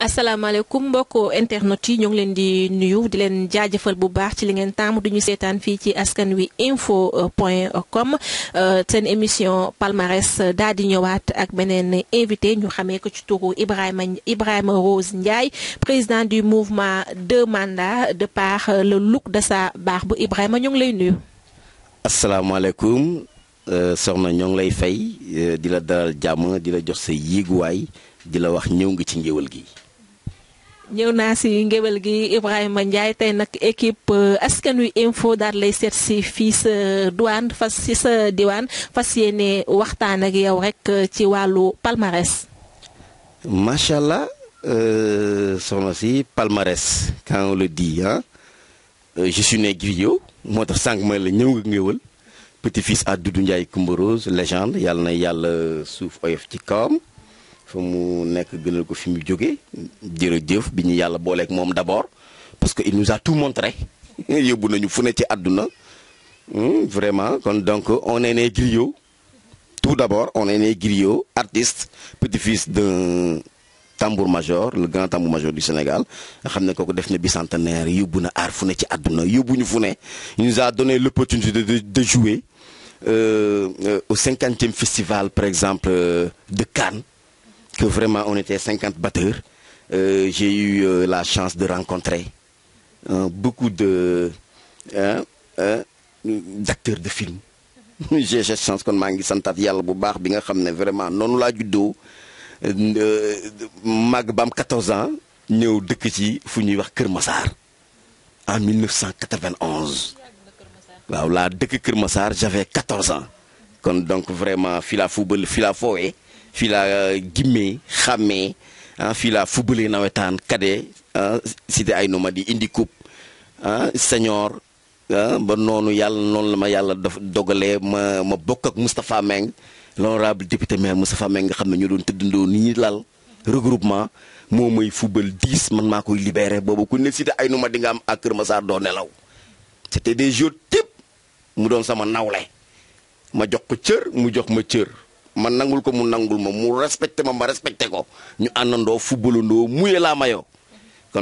asalaamaaleykum alaikum, internet yi ñu ngi leen di nuyu di leen jaajëfal bu baax ci li ngeen taamu du ñu seetaan ci info euh, émission palmarès nous di ñëwaat ak invité ñu xamee ko ci turu Ibrahima Rose Ndiaye président du mouvement De mandat de par le look de sa barbe Ibrahim ñu ngi lay nuyu. asalaamaaleykum euh, soxna ñoo ngi lay fay euh, di la dalal jàmm di la jox sa yéeguwaay di la wax ñëw ci gi. ñëw naa si ngéwél gi Ibrahima Ndiaye tey nag équipe euh, askan wi info daal lay seet si fii sa douane fas si sa diwaan fas yéene waxtaan ak yow rek euh, ci wàllu palmarès. macha allah euh, soxna si palmarès quand on le dit ah moo tax sànq ma la ñëw nga ngéwél petit fils à Doudou Ndiaye Coumba Rose légende yàlla na yàlla suuf oyof ci kawam. fa nek gënal ko fi joggé jóge jërëjëf biñu yalla bolé ak mom d'abord parce que il nous a tout montré yóbbu nañu fu ne ci hmm, vraiment kon donc on est né griot tout d'abord on est né griot artiste petit-fils d'un tambour major le grand tambour major du Sénégal xamné xam ne def na bicentenaire yóbbu na art fu ci aduna yóbbu ñu il nous a donné l'opportunité de de jouer euh, euh, au 50e festival par exemple euh, de Cannes que vraiment on était 50 batteurs. Euh, j'ai eu euh, la chance de rencontrer hein, beaucoup de hein, hein, d'acteurs de films. j'ai cette chance qu'on m'a dit santat yalla bu baax vraiment non la du dos euh, magbam 14 ans nous de ci fu en 1991 Là, la de j'avais 14 ans comme donc vraiment fila football fila fowé fii laa euh, gimmee xàmmee ah fii laa fubale nawetaan kade cité ay numa di indi coupe ah senior ba noonu yàlla noonu la ma yàlla dogalee ma ma bokk ak Moustapha Meng l'honorable député maire Moustapha Meng nga xam ne ñu doon tëddandoo ni ñuy lal regroupement moo may fubal 10 man maa koy libéré boobu ku ne cité ay numa di nga am ak Kër Massar doo nelaw c'était des jours type mu doon sama nawle ma jox ko cër mu jox ma cër man nangul ko mu nangul mo mu respecté ma ma ko ñu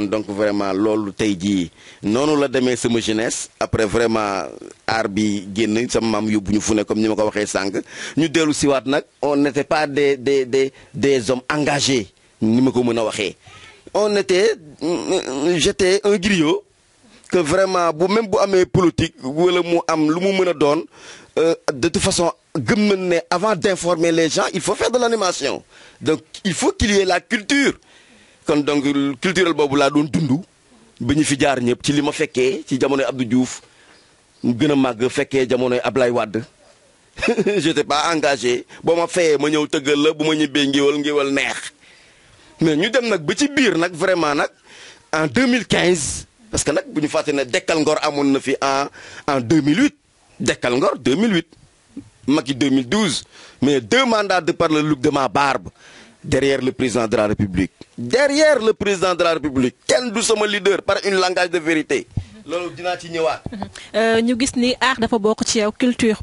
donc vraiment la sama jeunesse après vraiment bi sama ñu comme ko ñu on n'était pas des des des des hommes engagés on était j'étais un griot que vraiment bu même bu amé politique wala mu am euh, de toute façon avant d'informer les gens il faut faire de l'animation donc il faut qu'il y ait la culture kon donc culturel boobu Don doon dund bi ñu fi jaar ci ci Abdou Diouf mu gën a màgg fekkee Je Ablaye Wade pas engagé Bon, ma fayee ma ñëw tëggal la bu ma ngiwal ngiwal neex mais ñu dem nag ba ci bir, nag vraiment nag en 2015 parce que nag bu ñu fàtte ne Dekkal Ngor amoon na fi en 2008 Dekkal Ngor 2008 Maki 2012, mais deux mandats de par le look de ma barbe derrière le président de la République. Derrière le président de la République, quel nous sommes leader par un langage de vérité. Nous ce ci je euh, art dafa bokk culture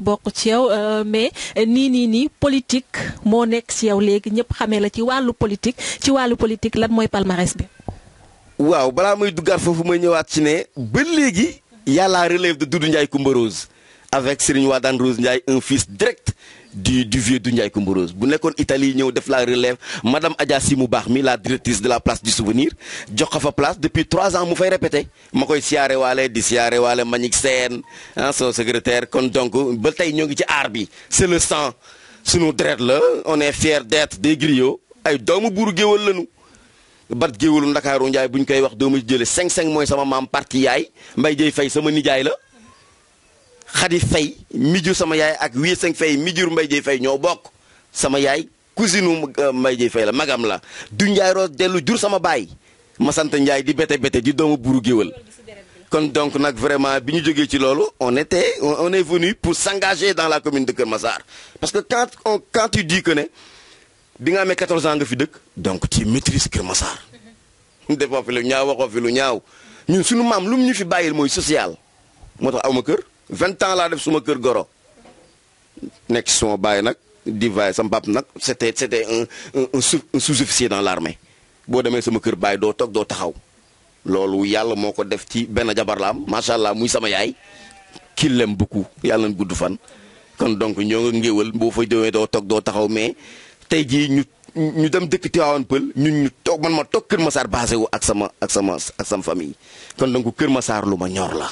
euh, mais ni ni ni politique Mon nekk ci yow léegi de des la politique ci wàllu politique lan palmarès bi. waaw muy y a la relève de Doudou Ndiaye avec Serigne Wadane Rose Ndiaye un fils direct du du vieux du Ndiaye Coumba Rose bu nekkoon Italie ñëw def la relève madame Adja Si mi la directrice de la place du souvenir jox ko fa place depuis trois ans mu fay répété ma koy siyaare waale di siyaare waale Manick Sène ah son secrétaire kon donc ba tey ñoo ci aar bi c'est le sang sunu deret la on est fier d'être des griots ay doomu buuru géwal lañu bat géwalu Ndakaaru Ndiaye bu ñu koy wax doomu mois, cinq cinq sama maam parti yaay Mbaye Dieye Faye sama nijaay la Khady fay mi sama yaay ak wii seng Faye mi jur Mbaye Dieye ñoo bokk sama yaay cousine u euh, Mbaye Dieye la magam la du ndjay Rose delu jur sama bay ma sant ndjay di bete bete di doomu buru géwël kon donc nak vraiment biñu joggé ci lolu on était on est venu pour s'engager dans la commune de Kermassar parce que quand on quand tu dis que né bi nga amé 14 ans nga fi dëkk donc tu maîtrises Kermassar Massar defoo fi lu ñaaw waxoo fi lu ñaaw ñun suñu mam lu ñu fi bayil moy social motax tax ma kër 20 ans la def suma keur goro nek suma baye nak di vaillé sa mbab nag c'était c'était un un un sous-officier dans l'armée bo demé sama keur baye do tok do taxaw lolou yalla moko def ci ben jabar lam machallah muy sama yaay ki lem beaucoup yalla na gudd fan kon donc ñoo nga ngeewal bo fa demee do tok do taxaw mais tey jii ñu ñu dem dëkk Tivaouane peul ñun ñu tok man ma toog Kër Massar basé wu ak sama ak sama ak sama famille kon donc keur Massar lu ma ñor la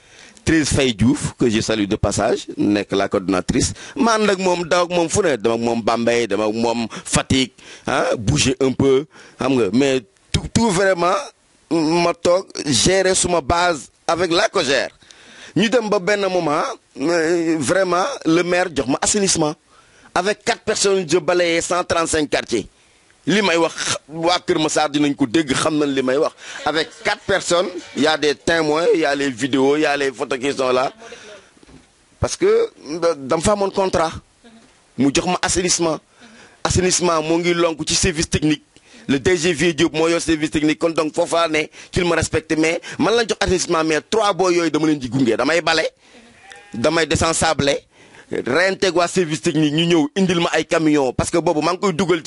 Très Faye que je salue de passage que la coordinatrice, Je ànd ak moom daw ak moom fu je suis ak hein, bouger un peu mais tout vraiment ma gère gérer ma base avec la Cogère gère Nous, ba moment vraiment le maire jox assainissement avec quatre personnes je balayais 135 quartiers li may wa waa Kër Massar dinañ ko dégg avec quatre personnes il y a des témoins il y a les vidéos il y a les photos qui sont là parce que dama fa mon contrat mu jox ma assainissement assainissement moo ngi lonk ci service technique le DG Vieux Diop service technique kon donc foofaa ne qu'il me respecte mais man lañ jox assainissement mais trois booy yooyu dama leen di gunge damay bale damay désensablé rente waa service technique nous avons indil ma ay camions parce que bobu mang koy duggal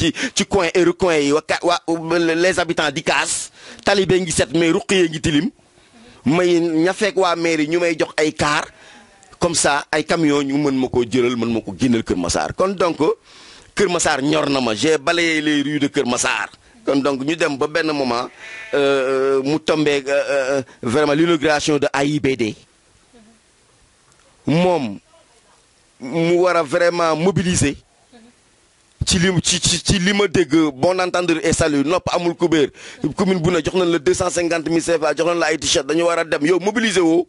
coin et les habitants di talibé ngi set mais ruq ngi tilim may ña camions, mairie ñu jox ay car comme ça ay camion ñu mën mako donc Kër Massar j'ai balayé les rues de Kër donc ñu dem ba moment euh, euh, mu euh, vraiment l'inauguration de AIBD mu vraiment mobilisé ci li ci ci bon entendre et salut Nop amul kubéer commune Bouna, ne jox nañ la deux 250 milles CFA la ay t-shirt dañu mobilisé a dem nous mobiliser woo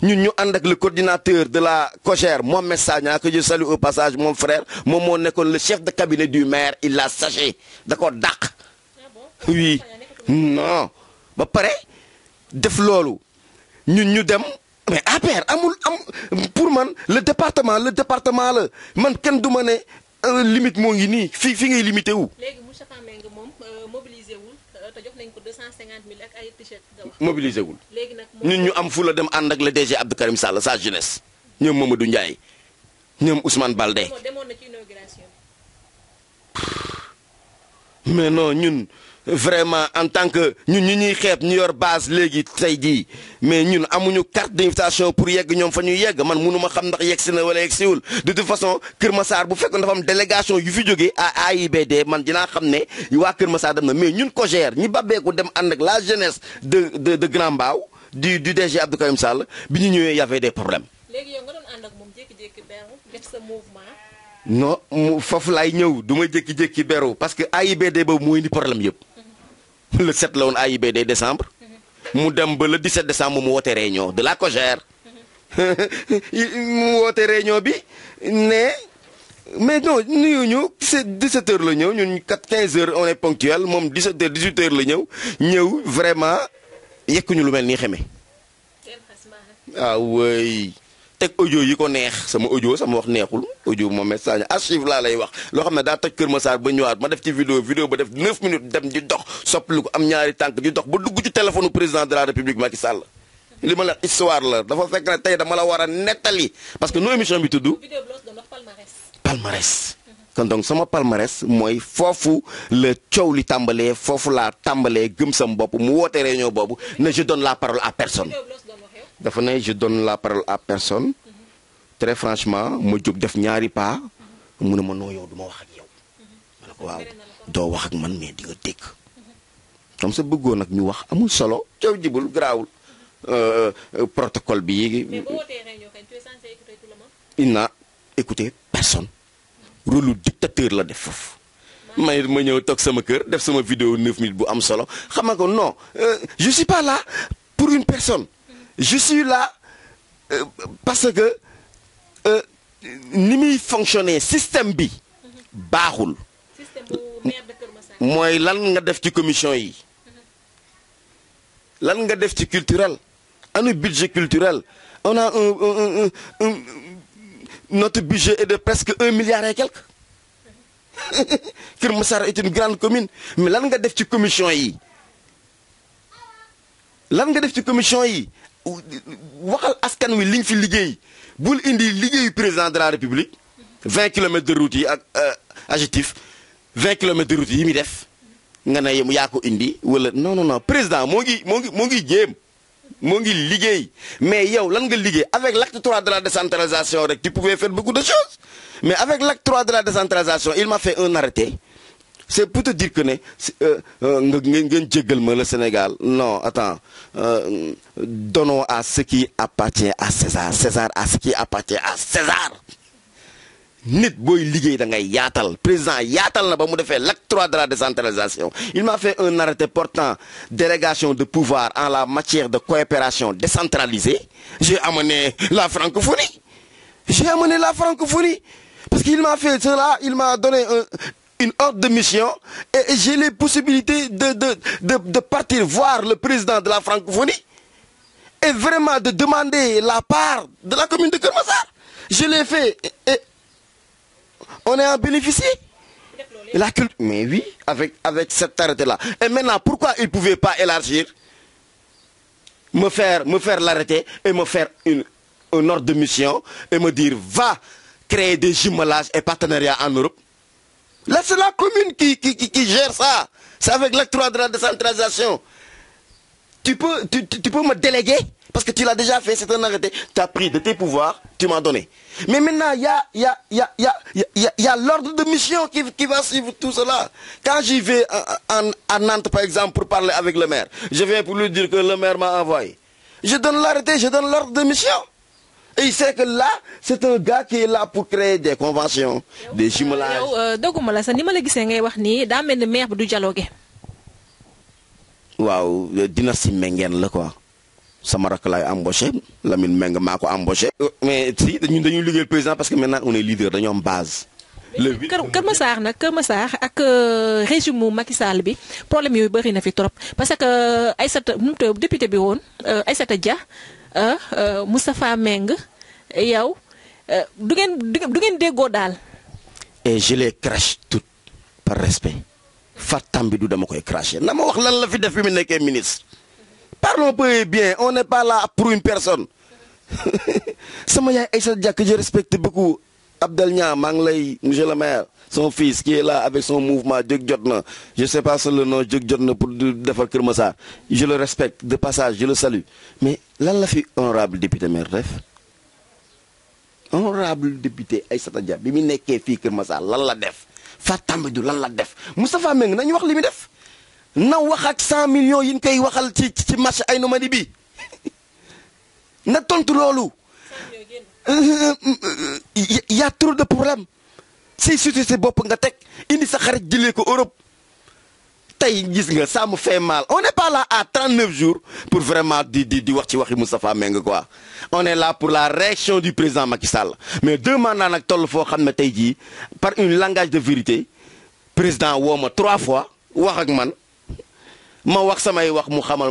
le coordinateur de la mais Mohamed Sagna que je salue au passage mon frère mon n'est que le chef de cabinet du maire il l'a saché d'accord d'accord oui non ba pareil def loolu nous ñu dem mais après, amul am pour man le département le département le man ken du ma ne euh, limite mo ngi ni fi fi ngay limité wu. léegi monsieur Kameng, mom euh, mobilisé wul euh, te jox nañ ko 250 000 ak ay t-shirt nga wax. mobilisé wul léegi nag ñun ñu am fu la dem and ak le DG Abdou Karim Sall sa jeunesse ñoom Mamadou Ndiaye ñoom Ousmane Baldé. mais non ñun vraiment en tant que ñun ñi ñuy xeeb ñu yor base légui tay di mais ñun amuñu carte d'invitation pour yegg ñom fa ñu yegg man mënu ma xam ndax yegg sina wala yegg de toute façon Kër Massar bu fekkoon dafa am délégation yu fi joggé à AIBD man dina xamné ne wa Kër Massar dem na mais ñun ko gère ñi ko dem and ak la jeunesse de de de Grand Mbao du du DG Abdou Karim Sall bi ñu ñëwé y avait des problèmes. légui yow nga don and ak moom jéki jéki benn def sa mouvement. non fofu lay ñëw duma jéki jéki jékki parce que AIBD boobu mooy ni problème yépp le 7 la woon de décembre mm-hmm. mu dem ba le 17 décembre mu woote réunion de la COJER mm-hmm. mu woote réunion bi ne mais non nuyuñu 17 heures la ñëw ñun 15 heures on est ponctuel moom 17 heures 18 heures la ñëw ñëw vraiment yekkuñu lu mel nii xeme. waaw tek audio yi ko neex sama audio sama wax neexul audio mo message archive la lay wax lo xam da daa keur ma Massar ba ñëwaat ma def ci vidéo vidéo ba def 9 minutes dem di dox soplu ko am ñaari tank di dox ba dugg ci téléphone président de la république Macky Sall. li ma la histoire la dafa fekk ne tey dama la wara netali parce que no émission bi tudd. palmarès. kon donc sama palmarès moy fofu le coow li tàmbalee foofu laa tàmbalee gëm sam bop mu woté réunion bobu ne je donne la parole à personne. dafa ne je donne la parole à personne très franchement ma djub def ñaari pa, mu ne ma noo yow du wax ak yow ma ko waaw do wax ak man mais di nga dégg comme ça bëggoo nak ñu wax amul solo djibul grawul euh, euh protocole bi il n'a écouté personne rôle dictateur la def fof may ma ñew tok sama kër def sama vidéo 9 minutes bu am solo xamako non euh, je suis pas là pour une personne je suis là euh, parce que euh, ni fonctionner système bi baaxul. mooy lan nga def ci commission yi lan nga def ci culturel budget culturel on a notre budget est de presque 1 milliard et quelques. Kirmoussar est une grande commune mais lan nga def ci commission yi lan nga def commission waxal askan wi liñ fi liggéey bul indi liggéeyu président de la république 20 km de route yi ak euh, adjectif 20 km de route yi mi def nga ne yaa ko indi wala non non non président moo ngi moo ngi moo ngi jéem moo ngi liggéey mais yow lan nga liggéey avec l'acte 3 de la décentralisation rek tu pouvais faire beaucoup de choses mais avec l'acte 3 de la décentralisation il m'a fait un arrêté c'est pour te dire que ne euh, euh, le Sénégal non attends euh, donnons à ce qui appartient à César César à ce qui appartient à César nit pas liguey da ngay président Yatal, na ba fait l'acte 3 de la décentralisation il m'a fait un arrêté portant délégation de pouvoir en la matière de coopération décentralisée j'ai amené la francophonie j'ai amené la francophonie parce qu'il m'a fait cela il m'a donné un une ordre de mission et, j'ai les possibilités de, de, partir voir le président de la francophonie et vraiment de demander la part de la commune de Kermassar. Je l'ai fait et, on est en bénéficier. La mais oui, avec, avec cette arrêté-là. Et maintenant, pourquoi il ne pas élargir, me faire, me faire l'arrêter et me faire une, un ordre de mission et me dire va créer des jumelages et partenariats en Europe c'est la commune qui, qui, qui, gère ça. C'est avec l'acte 3 de la décentralisation. Tu peux, tu, peux me déléguer parce que tu l'as déjà fait, c'est un arrêté. Tu as pris de tes pouvoirs, tu m'as donné. Mais maintenant, il y a, y a, y l'ordre de mission qui, qui, va suivre tout cela. Quand j'y vais en Nantes, par exemple, pour parler avec le maire, je viens pour lui dire que le maire m'a envoyé. Je donne l'arrêté, je donne l'ordre de mission. Et il sait que là, c'est un gars qui est là pour créer des conventions, des jumelages. Euh, euh, waaw euh, dynastie Mengen la quoi sama rakk laay embauché Lamine Meng ma ko embauché. mais si ñun dañuy le président parce que maintenant on est leader dañoo am base. le ça Kër Masar nag Kër Masar ak régime Macky Sall bi problème yooyu bëri na fi trop parce que Aïssata mu député bi woon Aïssata Dia. Hein? Euh, Moustapha Meng yow euh, ngeen du ngeen déggoo et je les crache toutes par respect Fatam bi du dama koy cracher na wax lan la fi def bi mu nekkee ministre. parlons bien on n'est pas là pour une personne sama yaay Aïssa Diack je respecte beaucoup Abdel Niang maa lay monsieur le maire son fils qui est là avec son mouvement Jëg Jotna je sais pas le nom Jëg Jotna pour defar Kër je le respecte de passage je le salue mais lan la fi honorable député maire def honorable député Aïssata Dia bi mu nekkee fii Kër Massar lan la def Fatou Tambadou lan la def Moustapha Mbengue nañu wax li def na wax ak 100 millions yi ñu koy waxal ci ci marché Aïnou Mady bi na tontu loolu. Euh, euh, euh, y' a trop de problèmes si c'est bon pour pour Il sa xarit jëlee ko Europe ça me fait mal on n'est pas là à 39 jours pour vraiment dire di di wax ci waxi on est là pour la réaction du président Macky Sall mais deux mandats par un langage de vérité le président woma trois fois wax ak man ma wax samay wax mu xamal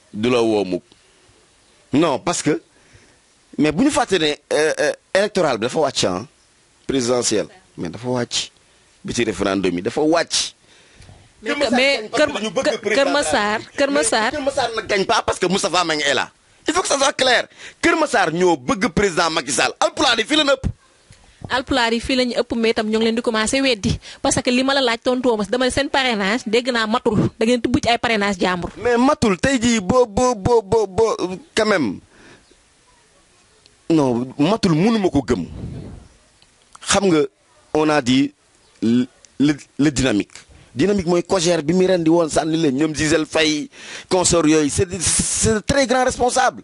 De la woo non parce que mais vous ne faites euh, pas euh, électoral il dafa watch. Hein, présidentiel mais dafa faut bi ci référendum il dafa wàcc. mais Kër Massar ne gagne pas parce que Moustapha Mbengue est là il faut que ça soit clair Kermassar, nous ñoo bëgg président Makisal. al plan, yi fii un peu. alpulaar yi fii la ñu ëpp mais itam ñoo ngi leen di commencé weddi parce que li ma la laaj tontoo ma dama seen parrainage dégg naa matul da ngeen tubbu ci ay parrainage jaamur. mais matul tey jii boo boo boo boo boo quand même non matul mënuma ko gëm xam nga on a dit le le dynamique. dynamique mooy cogère bi mi ren di woon sànni leen ñoom Gisèle Faye consort yooyu c'est c'est très grand responsable.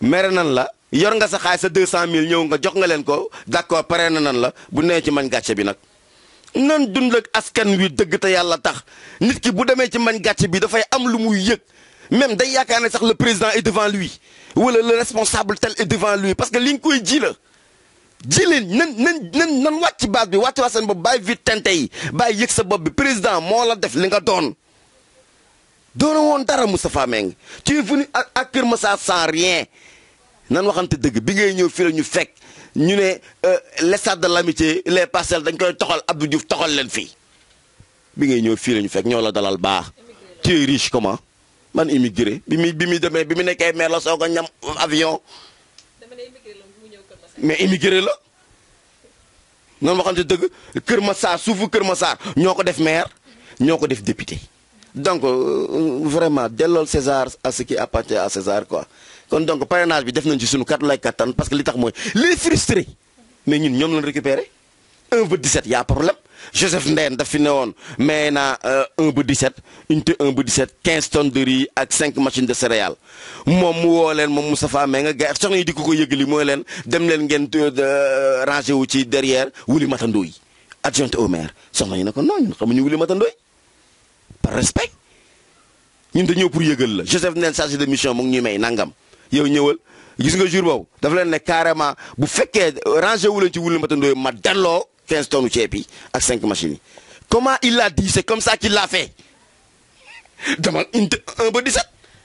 mere nan la yor nga sa xaalis sa 200000 ñëw nga jox nga leen ko d'accord pare na nan la bu nee ci man gàcce bi nag. nan dund ak askan wi dëgg te yàlla tax nit ki bu demee ci man gàcce bi dafay am lu muy yëg même day yaakaar ne sax le président est devant lui wala le responsable tel est devant lui parce que li koy ji la. ji leen nan nan nan nan wàcc ci base bi wàcc waa seen bopp bàyyi vite tente yi bàyyi yëg sa bopp bi président moo la def li nga doon. doona woon dara Moustapha Meng tu es venu à Kër Massar sans rien. nan waxante dëgg bi ngay ñëw fii la ñu fekk ñu ne euh, les stades de l'amitié les parcelles dañ koy toxal Abdou Diouf toxal leen fii bi ngay ñëw fii la ñu fekk ñoo la dalal baax. tu es riche comment man immigré bi mi bi muy demee bi mu nekkee maire la soog ñam avion. mais immigré la. nan waxante dëgg Kër Massar suufu Kër Massar ñoo ko def maire ñoo ko def député. donc euh, euh, vraiment dès lors César a ce qui appartient à César quoi kon donc parrainage bi def nañ ci suñu 4 4 ans, parce que li tax mooy les mais ñun nous lañ récupéré 1 il 17 y' a un problème Joseph Nden il fi fini, mais na 1 ba 17 1 15 tonnes de riz avec 5 machines de céréales mon mu woo leen Moustapha mais nga gars soxna yi di ko ko yëgali mooy leen dem leen ngeen euh, rangé wu ci derrière Wuli Matandoo yi adjoint au maire soxna yi ne ko non ñun xamuñu Wuli Matandoo par respect ñun dañu pour yëgal la Joseph neen chargé de mission mu ngi ñuy may nangam yow ñëwal gis nga jour beau. dafa leen ne carrément bu fekkee ranger wu leen ci wulu mbatandooyu ma delloo 15 tonnes ceeb yi ak 5 machines comment il l'a dit c'est comme ça qu'il l'a fait demal un ba 17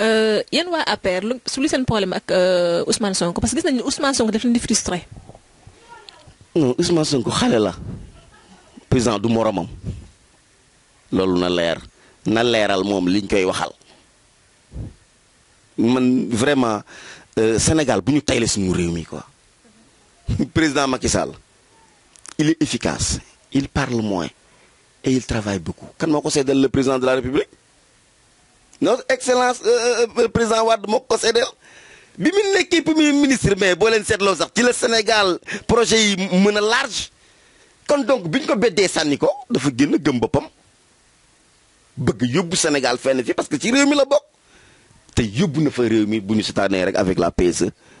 Euh, yéen waa APR lu su li problème ak euh, Ousmane Sonko parce que gis nañ Ousmane Sonko daf leen di frustré. non Ousmane Sonko xalé la président du moromam lolou na leer na leeral mom liñ koy waxal man vraiment euh, Sénégal buñu taylé tayle suñu réew mi quoi président Macky Sall il est efficace il parle moins et il travaille beaucoup kan moko sédal le président de la République notre excellence euh, euh, euh, président Wad mon conseil séddeel si équipe premier ministre mais si Le Sénégal, sax Sénégal projet large Quand donc bi ne ko beddee sànni ko dafa des gëm Sénégal parce que ci le la avec la PSE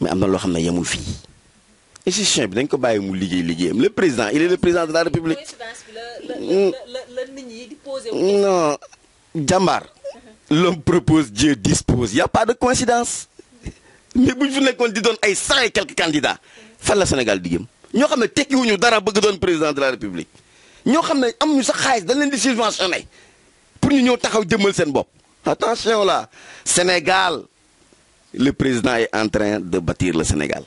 mais am na loo xam ne yemul fii institution bi dañ ko bàyyi mu liggéey liggéeyam le président il est le président de la république. Mm. non jàmbaar. l'homme propose Dieu dispose il y a pas de coïncidence mais bu ñu fi nekkoon di doon ay cent et quelques candidats fan la Sénégal di jëm ñoo xam ne tekkiwuñu dara bëgg doon président de la république ñoo xam ne am ñu sax xaalis dañ leen di subventionné pour ñu ñëw taxaw jëmmal seen bopp attention là Sénégal le président est en train de bâtir le Sénégal.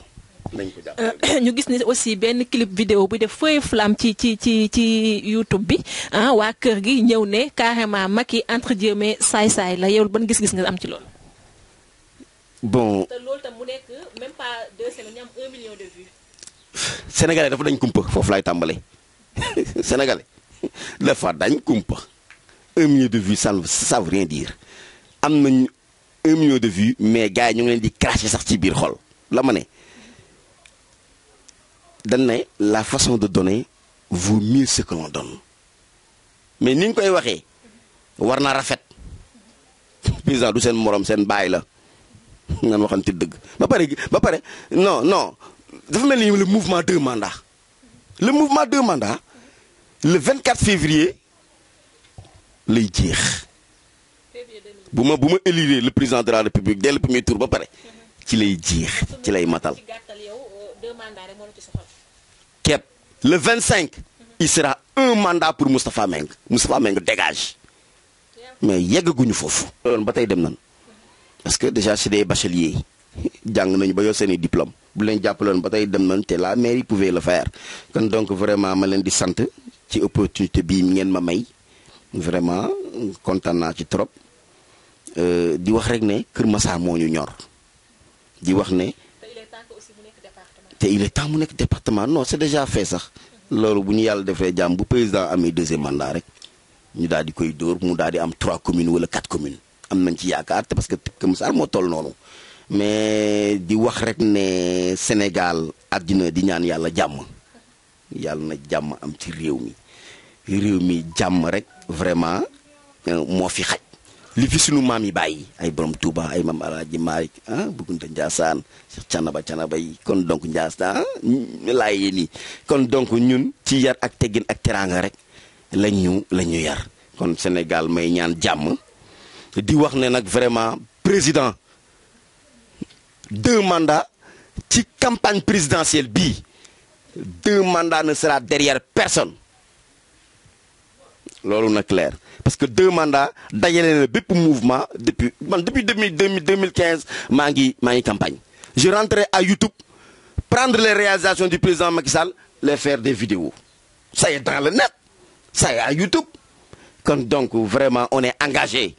Euh, ñu gis ni aussi benn clip vidéo bu def feuille flamme ci ci ci ci YouTube bi ah kër gi ñëw ne carrément maki entre guillemets say saay la yow ban gis-gis nga am ci lool bon te lool tam mu nek même pas deux semaines ñu am 1 million de vues. Sénégalais dafa dañ kumpa fofu lay tambalé Sénégalais fa dañ kumpa 1 million de vues ça ça veut rien dire am nañ un million de vues mais gars ñu ngi leen cracher la la façon de donner vaut mieux ce que l'on donne mais nous quoi koy warna rafet c'est du sen morom la non non le mouvement de mandat le mouvement de mandat le 24 février les dire bu ma bu élire le président de la république dès le premier tour ba pare ci lay jiix ci lay matal. le 25. il sera un mandat pour Moustapha Meng Moustapha Meng dégage mais yeggaguñu foofu. ba tey dem nan parce que déjà c'est des bacheliers Jang nañu ba yor diplôme bu len jappalon ba tey dem nan té la mairie pouvait le faire kon donc vraiment ma len di sante ci opportunité bi ngén ma may vraiment kontaan ci trop. Euh, di wax rek ne Kër Massar moo ñu ñor di wax ne. te il est temps mu nekk département non c'est déjà fait sax. loolu bu ñu yàlla defee jàmm bu président amee deuxième mandat rek ñu daal di koy dóor mu daal di am trois communes wala quatre communes am nañ ci yaakaar te parce que Kër Massar moo toll noonu mais di wax rek ne Sénégal addina di ñaan yàlla jàmm yàlla na jàmm am ci réew mi réew mi jàmm rek vraiment euh, moo fi xaj. li fi sunu maam yi bàyyi ay borom Touba ay maam Alaaji Maalik ah Bukunta Njaasaan Cheikh Canaba Canaba yi kon donc Njaasaan ah, laay yéen kon donc ñun ci yar ak teggin ak teraanga rek lañ ñu la ñu yar kon Sénégal may ñaan jàmm di wax ne nag vraiment président deux mandats ci campagne présidentielle bi deux mandats ne sera derrière personne on est clair, parce que deux mandats d'ailleurs le bépp mouvement depuis man depuis 2000-2015. 2015, campagne. je rentrais à YouTube prendre les réalisations du président Macky Sall les faire des vidéos ça y est dans le net ça y est à YouTube quand donc vraiment on est engagé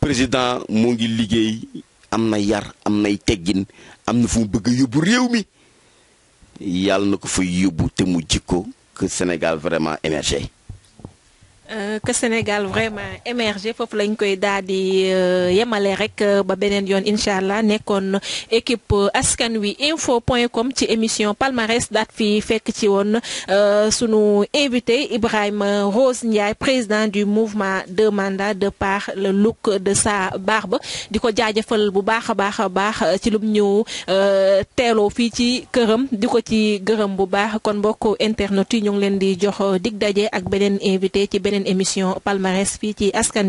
président mu ngi liggéey am yar amna y teggin a que Sénégal vraiment émergé. Euh, que Sénégal vraiment émergé il lañ koy di euh, rek euh, ba benen yone inshallah équipe askanwi l'équipe émission palmarès daat fi fekk ci invité Ibrahim Rose président du mouvement de mandat de par le look de sa barbe Du côté, bu baax ci lum télo fi ci kërëm diko ci internet invité émission palmarès fii ci askan